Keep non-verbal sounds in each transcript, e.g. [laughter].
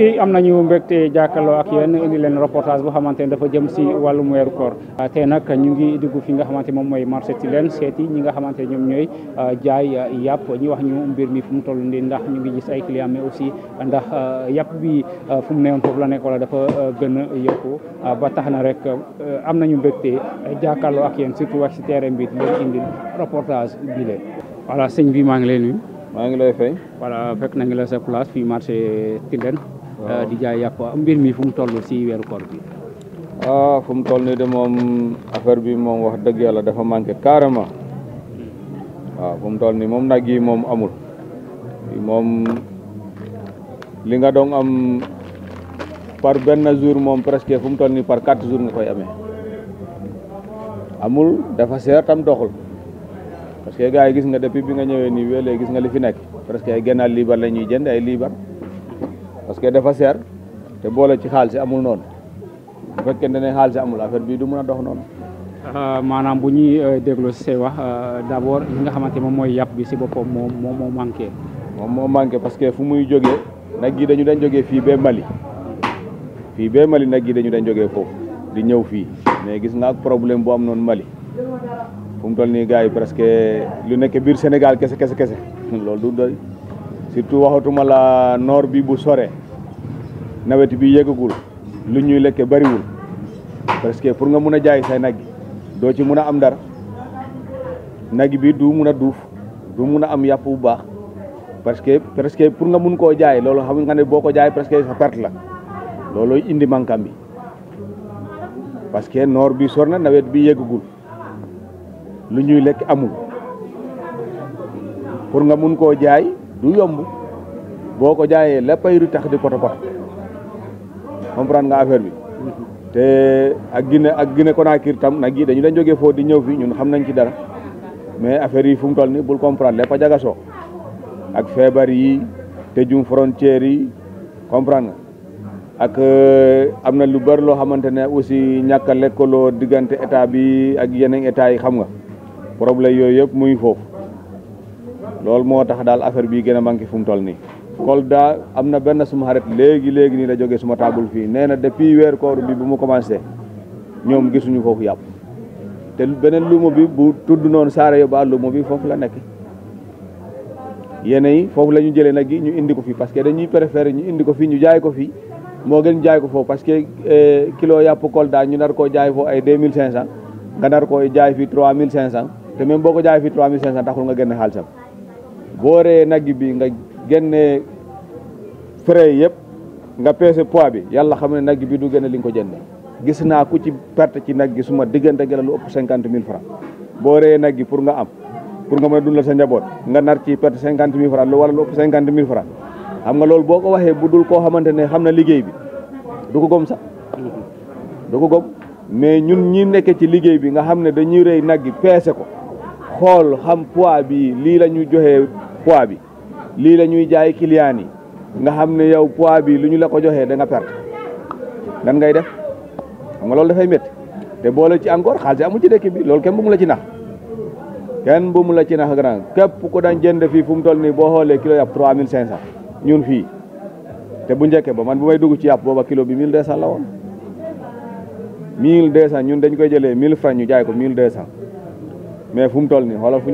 i am nañu mbekté jakkalo ak yeen indi len reportage bu xamantene dafa jëm si walum wër koor ah, té nak ñu ngi dugg fi nga xamantene mom moy marché ci leen seeti ñi nga xamantene ñom ñoy ah, jaay yap ñi wax ñu mbir mi fu mu tollu nii ndax ñu ngi gis ay client mais aussi ndax ah, yap bi fu mu neewon foofu la nek wala dafa gën a ba taxna rek am nañu mbekté jakkalo ak yeen surtout wax ci terrain bi leen indi reportage bi le wala señ bi ma ngi lay nuyu ma ngi lay fay wala fekk na ngi la sa place fi marché Tilène Eh, di jaya yàpp mbir mi fu mu toll si koor bi ah fu mu toll de mom affaire bi mom wax deug yalla dafa manqué ah fu mu toll amul mom li nga dong am par ben jour mom presque fu mu toll par 4 jours nga koy amul dafa seer tam doxul parce que gaay gis nga depuis bi nga ñëwee nii welee gis nga li fi nek presque ay gënal jënd ay parce que dafa ser te bolé ci xalsi amul non bu fekkente ne xalsi amul affaire bi du mëna a non euh manam bu ñi euh, déglu si wax euh, d' abord nga xamanté mom moy yàpp bi si bopom mom mom mo manké mom mo manké parce que fu muy joggé nak gi dañu dañ joggé fi bé Mali fi bé Mali nak gi dañu dañ joggé foofu di ñëw fi mais gis nga problème bu am non Mali fu mu toll nii gars presque lu nekk biir Sénégal kese kese kese [laughs] loolu du doy surtout waxatuma la nord bi bu soré nawet bi yëgagul lu ñuy lekke bariwul parce que pour nga mun a jaay say nag doo ci mun a am dara nag bi du mun a duuf du mun a am yàpp bu baax parce que presque pour nga mun koo jaay loolu xam nga ne boo ko jaay presque sa perte la loolooy indi mankam bi parce que noor bi sor na nawet bi yëgagul lu ñuy lekk amul pour nga mun koo jaay du yomb boo ko jaayee léppay ru tax di koto koto comprendre nga affaire bi te ak guiné ak Guinée Conakry tam nag yi dañu leen jógee fo di ñëw fi ñun xam nañ ci dara mais affaire yi fu mu toll ni bul comprendre lépp jaga so ak feebar yi jum frontière yi comprendre nga ak euh, amna lu bari lo xamantene aussi ñaka lekolo lekkaloo état bi ak yeneen état yi xam nga problème yoy yëpp muy fofu tax affaire bi gëna manki fu mu toll ni Kolda am na benn suma xarit léegi léegi nii la jógee suma taabul fii nee na depuis weer koor bi bu mu commencé ñoom gisuñu foofu yàpp te beneen luuma bi bu tudd noonu saare yo ba luuma bi foofu la nekk yéen yi foofu la ñu jëlee nag yi ñu indi ko fii parce que dañuy préféré ñu indi ko fii ñu jaay ko fii moo gën jaay ko foofu parce que euh, kilo yàpp Kolda ñu nar koo jaay foofu ay deux mille cinq cent nga nar koo jaay fii trois mille cinq cent te même boo ko jaay fii trois mille cinq cent taxul nga génn xaalisam boo génnee frais yëpp nga peese poids bi yàlla xam ne nag bi du gën a li nga ko jëndee gis naa ku ci perte ci nag gi suma diggante gi la lu ëpp cinquante mille francs boo reyee nag gi pour nga am pour nga mën a dundal sa njaboot nga nar ci perte cinquante mille francs lu wala lu ëpp cinquante mille francs xam nga loolu boo ko waxee bu dul koo xamante ne xam na liggéey bi du ko gom sax du ko gom mais ñun ñii nekk ci liggéey bi nga xam ne dañuy rey nag gi peese ko xool xam bi lii la ñu joxee poids bi lii la ñuy jaay client yi nga xam ne yow poids bi lu ñu la ko joxee da nga perte nan ngay def xam nga loolu dafay métti te boole ci encore xaalis amu ci dëkk bi loolu kenn bu mu la ci nax kenn bu mu la ci nax grand képp ku daan jënd fii fu mu toll nii boo xoolee kilo yàpp trois mille cinq cent ñun fii te bu njëkk ba man bu may dugg ci yàpp booba kilo bi mille deux cent la woon mille deux ñun dañ koy jëlee mille francs ñu jaay ko mille deux cent mais fu mu toll nii xoolal fu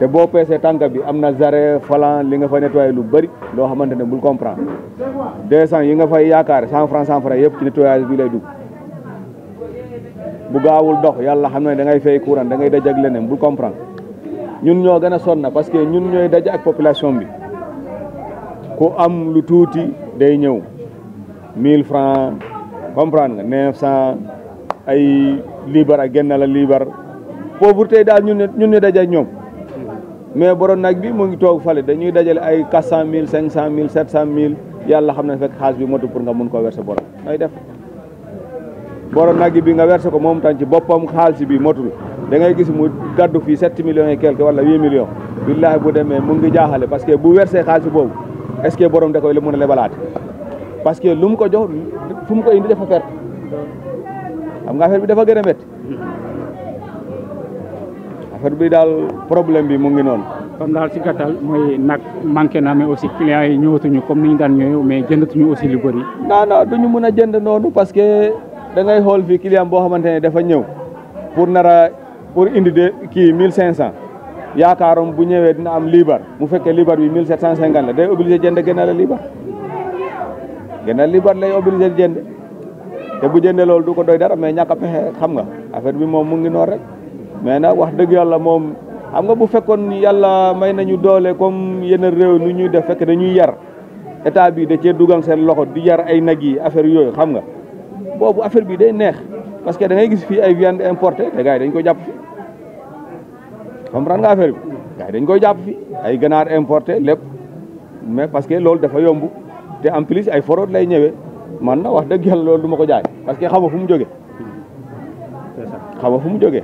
te boo peesee tànk bi am na zare falan li nga fa nettoyé lu bëri loo xamante ne bul comprendre de cent yi nga fay yaakaar cent franc cent franc yëpp ci nettoyage bi lay dugg bu gaawul dox yàlla xam na da ngay fay courant dangay ngay daj ak leneen bul comprendre ñun ñoo gën a sonn parce que ñun ñooy daj ak population bi ku am lu tuuti day ñëw mille franc comprendre nga neuf cent ay liibar ak genn la liibar pauvreté daal ñun ñun daja daj ñoom mais borom nag bi mu ngi toog fale dañuy dajale ay quatre cent mille cinq cent mille sept cent mille yàlla xam na fekk xaalis bi motu pour nga mun koo verser borom nooy def borom nag bi nga verser ko moom tam ci boppam xaalis bi motul da ngay gis mu gàddu fii sept million et quelque wala huit million billaahi bu demee mu ngi jaaxale parce que bu wersee xaalis boobu est ce que borom da koy la mën a lebalaate parce que lu mu ko jox fu mu ko indi dafa perte xam nga affaire bi dafa gën a métti affaire bi dal problème bi mo ngi non kon dal si gàttal moy nak manké na mais aussi client yi ñu comme niñ ñu daan ñëw mais ñu aussi lu bari non non duñu mëna jënd nonu parce que da ngay xol fi client bo xamantene dafa ñëw pour nara pour indi de ki 1500 yaakaaroon bu ñëwee dina am libar. mu fekké libar bi 1750 la day obligé jënd gëna la libar gëna libar lay obligé jënd té bu jëndé lool du ko doy dara mais ñaka a xam nga affaire bi mom mu ngi rek. mais nag wax dëgg yàlla moom xam nga bu fekkoon yàlla may nañu doole comme yeneen réew nu ñuy def fekk dañuy yar état bi da cee dugal seen loxo di yar ay nag yi affaire yooyu xam nga boobu affaire bi day neex parce que da ngay gis fii ay viande importée te gars yi dañ ko jàpp fi comprendre dañ koy jàpp fi ay ganaar importé lépp mais parce que loolu dafa yomb te en plus ay forod lay ñëwee man na wax dëgg yàlla lool du ma ko jaay parce que xama fu mu jógee xama fu mu jógee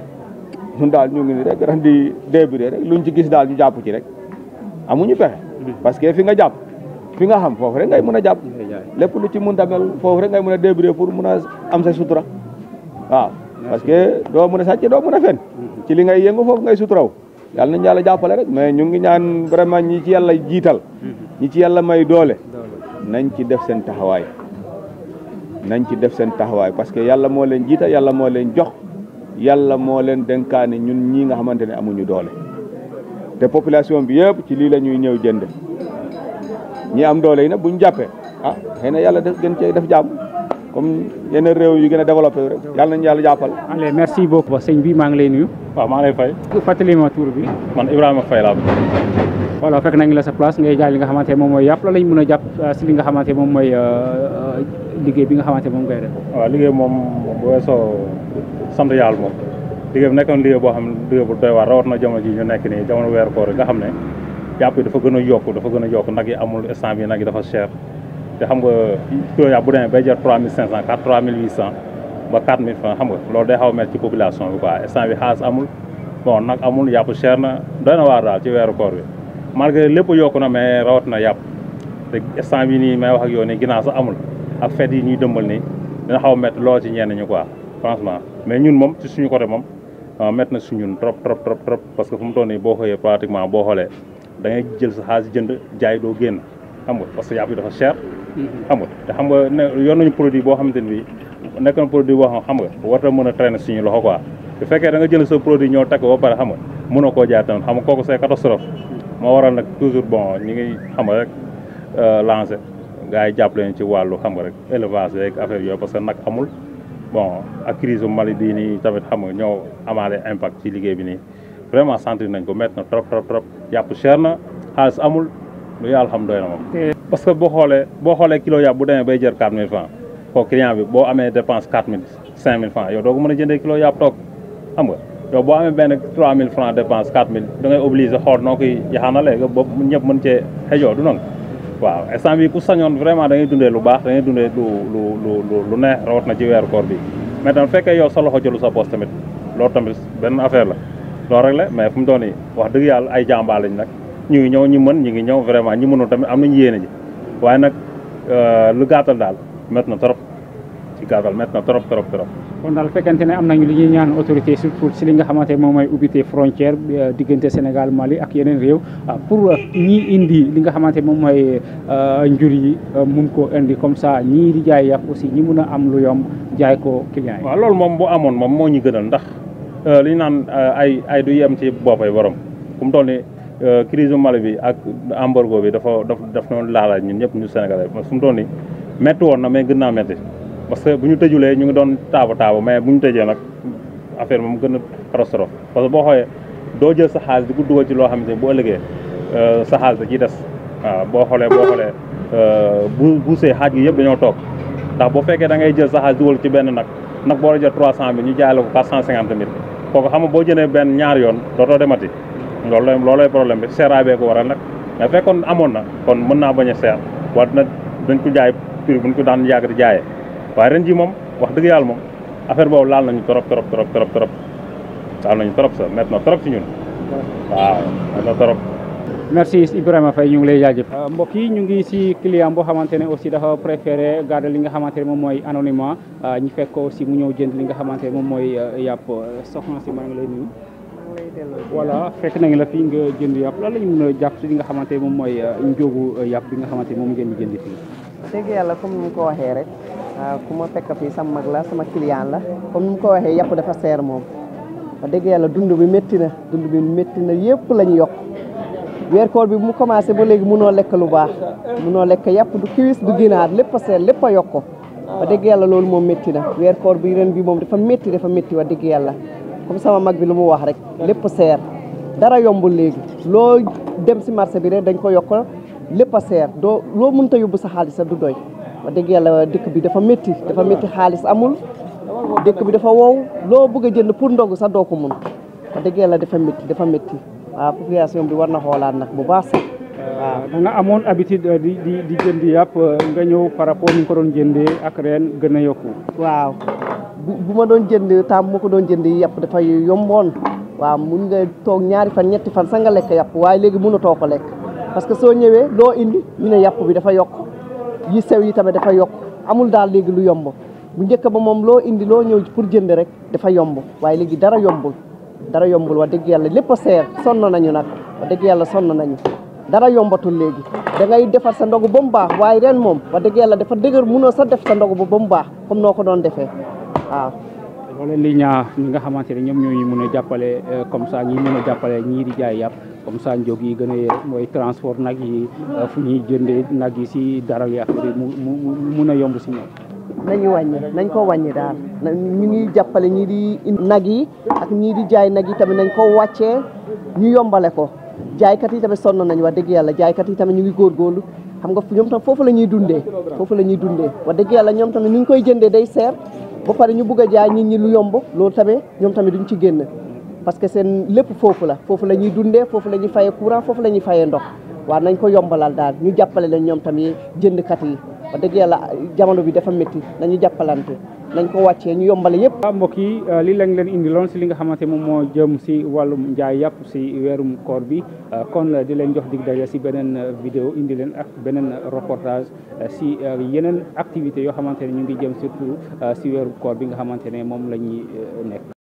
ñun dal ñu ngi ni rek ren di débrouiller rek luñ ci gis dal ñu japp ci rek amuñu pex parce que fi nga japp fi nga xam fofu rek ngay mëna japp lepp lu ci mën tamel fofu rek ngay mëna a pour mëna am sa sutura waaw parce que do mëna sacc do mëna mën fen ci li ngay yëngu fofu ngay suturaw yalla nañu yalla jàppale rek mais ñu ngi ñaan vraiment ñi ci yalla jital ñi ci yalla may doole nañ ci def sen taxaway nañ ci def sen taxaway parce que yalla mo leen jiital yalla mo leen jox yàlla moo leen dénkaane ñun ñii nga xamante ne amuñu doole te population bi yëpp ci lii la ñuy ñëw jënd ñi am doole yi nag buñ jàppee ah xëy na yàlla def gën cee def jàmm comme yenn réew yi gën a développé rek yàlla nañu yàlla jàppal. allez merci beaucoup sëñ bi maa ngi lay nuyu. waaw maa ngi fay. fàttali ma tur bi. man Ibrahima Faye laa voilà fekk nañ la sa place ngay jaay li nga xamante ne moom mooy la lañ a jàpp euh, si li nga xamante ne moom mooy euh, euh, liggéey bi nga xamante moom ngay def. waaw liggéey moom bu weesoo sant yàlla moom liggéey bi nekkoon liggéey boo xam ne liggéey bu doy waar rawat na jamono ji ñu nekk nii jamono weer koor nga xam ne yàpp yi dafa gën a yokk dafa gën a yokk nag yi amul instant nag yi dafa cher te xam nga sóoya bu demee bay jar trois mille cinq cent quatre trois mille huit cent ba quatre mille francs xam nga loolu day xaw a mel ci population bi quoi instant bi xaalis amul bon nag amul yàpp cher na doy na waar daal ci weeru koor bi malgré lépp yokku na mais rawat na yàpp te instant bi nii may wax ak yow nii ginnaaw sax amul ak fête yi ñuy dëmbal nii dina xaw a métti lool ci ñenn ñu quoi franchement mais ñun moom ci suñu côté moom métti na suñu ñun trop trop trop trop parce que fu mu toll nii boo xëyee pratiquement boo xoolee da ngay jël sa xaalis jënd jaay doo génn xam nga parce que yàpp bi dafa cher. Mm-hmm. xam nga te xam nga ne yor produit boo xamante ni bii nekk na produit boo xam nga war na mën a traîner suñu loxo quoi bu fekkee da nga jël sa produit ñoo takk ba pare xam nga a koo jaay tamit xam nga kooku mm-hmm. moo waral nag toujours bon ñi ngi xam rek euh, lancé gars yi jàpp leen ci wàllu xam nga rek élevage rek affaire yooyu parce que nag amul bon ak crise bu Mali bii nii tamit xam nga ñoo amaale impact ci liggéey bi nii vraiment sentir nañ ko met na trop trop trop yàpp cher na xaalis amul. lu yàlla xam doy na moom. parce que boo xoolee boo xoolee kilo yàpp bu demee bay jër quatre mille franc kooku client bi boo amee dépense quatre mille cinq mille franc yow doo ko mën a jëndee kilo yàpp toog xam nga yow boo amee benn trois mille franc dépense quatre mille da ngay obligé xool noo koy yaxaanalee ba ñëpp mën cee xëjoo du noonu. waaw instant bi ku sañoon vraiment da dundee lu baax da dundee lu lu lu neex rawat na ci weer koor bi mais tam fekkee yow sa loxo jëlu sa poste tamit loolu tamit benn affaire la loolu rek la mais fu mu doon wax dëgg yàlla ay jàmbaar lañ nag. ñu ngi ñëw ñu mën ñu ngi ñëw vraiment ñu mënul tamit am nañu yéene ji waaye nag euh, lu gàttal daal métti na trop ci gàttal métti na trop trop trop. kon daal fekkente ne am nañu lu ñuy ñaan autorité surtout si li nga xamante ne moom mooy ubbite frontière euh, diggante Sénégal Mali ak yeneen réew ah, pour euh, ñi indi li nga xamante moom mooy njur yi mun ko indi comme ça ñii di jaay yàpp aussi ñi mun a am lu yomb jaay ko client yi. waaw loolu moom bu amoon moom moo ñu gënal ndax li ñu naan ay ay yem ci boppay borom Euh, crise bu Mali bi ak embargo bi dafa daf daf noonu laalaaj ñun ñëpp ñu Sénégalais su mu doon ni métti woon na mais gën naa métti parce que bu ñu tëjulee ñu ngi doon taaba taaba mais bu ñu tëjee nag affaire moom gën a catastrophe parce que boo xoolee doo jël sa xaalis di ko dugal ci loo xamante ni bu ëllëgee euh, sa xaalis da des waaw boo xoolee boo xoolee euh, bu buusee xaaj gi yëpp dañoo toog ndax boo fekkee da ngay jël sa xaalis dugal ci benn nag nag boo la jël trois cent mille ñu jaay la ko cent cinquante mille kooku xam boo jëlee benn ñaar yoon dootoo demati loolu la loolay problème bi seeraabee ko waral nag nga fekkoon amoon na kon mën naa bañ a seer war na dañ ko jaay prix buñ ko daan yàgg di jaayee waaye ren ji moom wax dëgg yàlla moom affaire boobu laal nañu trop trop trop trop trop laal nañu trop sax na trop si ñun waaw na trop merci Ibrahima Faye ñu ngi lay jaajëf euh, mbokk yi ñu ngi si client boo xamante ne aussi dafa préféré garder li nga xamante ne moom mooy anonymat euh, ñu fekk ko aussi mu ñëw jënd li nga xamante ne moom mooy euh, yàpp soxna si maa ngi lay nuyu voilà fekk nañ la fii nga jënd yàpp lan la ñu mën a jàpp si nga xamante moom mooy euh, njóogu euh, yàpp bi nga xamante moom ngeen di jënd fii. yàlla comme ni mu ko waxee rek euh, ku ma fekk fii sama mag la sama client la comme ni mu ko waxee yàpp dafa seer moom wax dëgg yàlla dund bi métti na dund bi métti na yëpp la ñu yokk weer koor bi mu commencé ba léegi munoo lekk lu baax munoo lekk yàpp du kiwis du ginaar lépp a seer lépp a yokk wax dëgg yàlla loolu moom métti na weer koor bi ren bi moom dafa métti dafa métti wax dëgg yàlla comme sama mag bi lu mu wax rek lépp seer dara yombul léegi loo dem si marché bi rek dañ ko yokk lépp a seer doo loo mën ta yóbbu sa xaalis sa du doy wax dëgg yàlla dëkk bi dafa métti dafa métti xaalis amul dëkk bi dafa wow loo bëgg jënd pour ndogu sax doo mun wax dafa métti dafa métti waaw bi war na xoolaat nag bu baax sax waaw da nga amoon habitude euh, di di di jënd yàpp euh, nga ñëw par rapport ni ko doon jëndee ak reen gën a yokku waaw bu bu ma doon jënd taam ma ko doon jënd yàpp dafay yomboon waaw mun nga toog ñaari fan ñetti fan sax nga lekk yàpp waaye léegi mënatoo ko lekk parce que soo ñëwee loo indi ñu ne yàpp bi dafa yokk yi sew yi tamit dafa yokk amul daal léegi lu yomb bu njëkk ba moom loo indi loo ñëw pour jënd rek dafa yomb waaye léegi dara yombul dara yombul wax dëgg yàlla lépp son seer sonn nañu nag wax dëgg yàlla sonn nañu dara yombatul léegi da ngay defar sa ndogu ba mu baax waaye ren moom wax dëgg dafa dëgër mënoo sa def sa ndogu ba mu baax comme noo ko doon defee xaar wala li ñaa ñi nga xamante ne ñoom ñooñu mën a jàppale euh, comme ça ñi mën a jàppale ñii di jaay yàpp comme ça njóg yi gën a yee mooy transport nag yi euh, fu ñuy jëndee nag yi si dara yi affaire yi mu mun a yomb si ñoom nañu wàññi nañ ko wàññi daal ñu ngi jàppale ñii di nag yi ak ñii di jaay nag yi tamit nañ ko wàccee ñu yombale ko jaaykat yi tamit sonn nañ wax dëgg yàlla jaaykat yi tamit ñu ngi góorgóorlu xam nga ñoom tam foofu la ñuy dundee foofu la ñuy dundee wax dëgg yàlla ñoom tamit ñu ngi koy jëndee day seer ba pare ñu bugg a jaay nit ñi lu yomb loolu tamit ñoom tamit duñ ci génn parce que seen lépp foofu la foofu la ñuy dundee foofu la ñuy fayee courant foofu la ñuy fayee ndox waaw nañ ko yombalal daal ñu jàppale leen ñoom tamit jëndkat yi ba dëgg yàlla jamono bi dafa métti nañu jàppalante nañ ko wàccee ñu yombale yëpp. waaw mbokk yi euh, li lañ leen indi loon si li nga xamante moom moo jëm si wàllum njaay yàpp si weerum koor bi euh, kon euh, di leen jox dig daje si beneen vidéo indi leen ak beneen reportage si yeneen activités yoo xamante ne ñu ngi jëm surtout si weerum koor bi nga xamante ne moom la ñuy nekk.